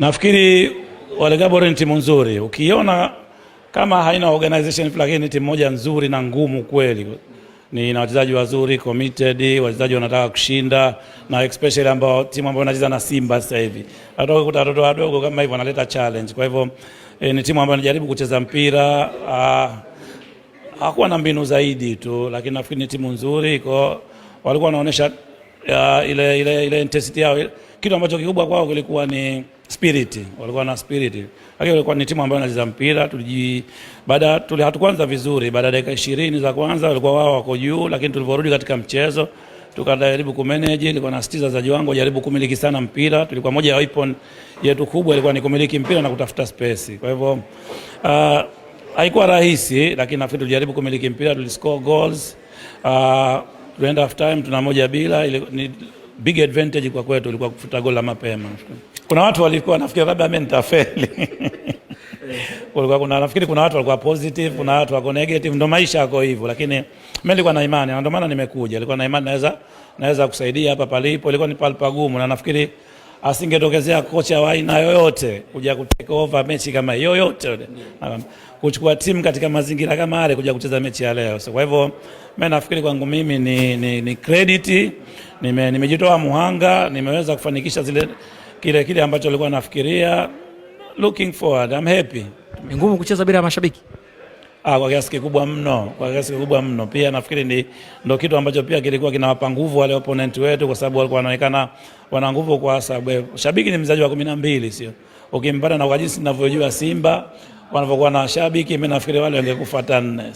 Nafikiri wale Gabon ni timu nzuri, ukiona kama haina organization lakini ni timu moja nzuri na ngumu kweli, ni na wachezaji wazuri committed, wachezaji wanataka kushinda, na especially ambao timu ambayo inacheza na Simba sasa hivi atoka kuta watoto wadogo kama hivyo wanaleta challenge. Kwa hivyo e, ni timu ambayo inajaribu kucheza mpira hakuwa na mbinu zaidi tu, lakini nafikiri ni timu nzuri, kwa walikuwa wanaonyesha ya ile, ile, ile intensity yao Kitu ambacho kikubwa kwao kilikuwa ni spirit, walikuwa na spirit, lakini walikuwa ni timu ambayo inacheza mpira. Tuliji baada tuli hatukuanza vizuri, baada ya dakika 20 za kwanza walikuwa wao wako juu, lakini tulivorudi katika mchezo tukajaribu kumanage. Ilikuwa na stiza za jiwango jaribu kumiliki sana mpira, tulikuwa moja ya weapon yetu kubwa ilikuwa ni kumiliki mpira na kutafuta space. Kwa hivyo uh, haikuwa rahisi, lakini nafikiri tulijaribu kumiliki mpira, tuliscore goals uh, End half time tuna moja bila ile ni big advantage kwa kwetu, ilikuwa kufuta la mapema. Kuna watu walikuwa nafikiri labda mimi nitafeli kulikuwa kuna nafikiri kuna watu walikuwa positive, kuna watu wako negative, ndio maisha yako hivyo, lakini mimi nilikuwa na imani na ndio maana nimekuja. Nilikuwa na imani naweza naweza kusaidia hapa palipo, ilikuwa ni palipagumu na nafikiri asingetokezea kocha wa aina yoyote kuja kutake over mechi kama yoyote mm. kuchukua timu katika mazingira kama yale kuja kucheza mechi ya leo. So, kwa hivyo mimi nafikiri kwangu mimi ni, ni, ni credit nime, nimejitoa muhanga, nimeweza kufanikisha zile kile kile ambacho nilikuwa nafikiria. Looking forward, I'm happy. Ni ngumu kucheza bila mashabiki. Ah, kwa kiasi kikubwa mno, kwa kiasi kikubwa mno. Pia nafikiri ni ndo kitu ambacho pia kilikuwa kinawapa nguvu wale opponent wetu, kwa sababu walikuwa wanaonekana wana nguvu, kwa sababu shabiki ni mzaji wa kumi na mbili, sio ukimpata. Na kwa jinsi ninavyojua Simba wanavyokuwa na shabiki, mimi nafikiri wale wangekufuata nne.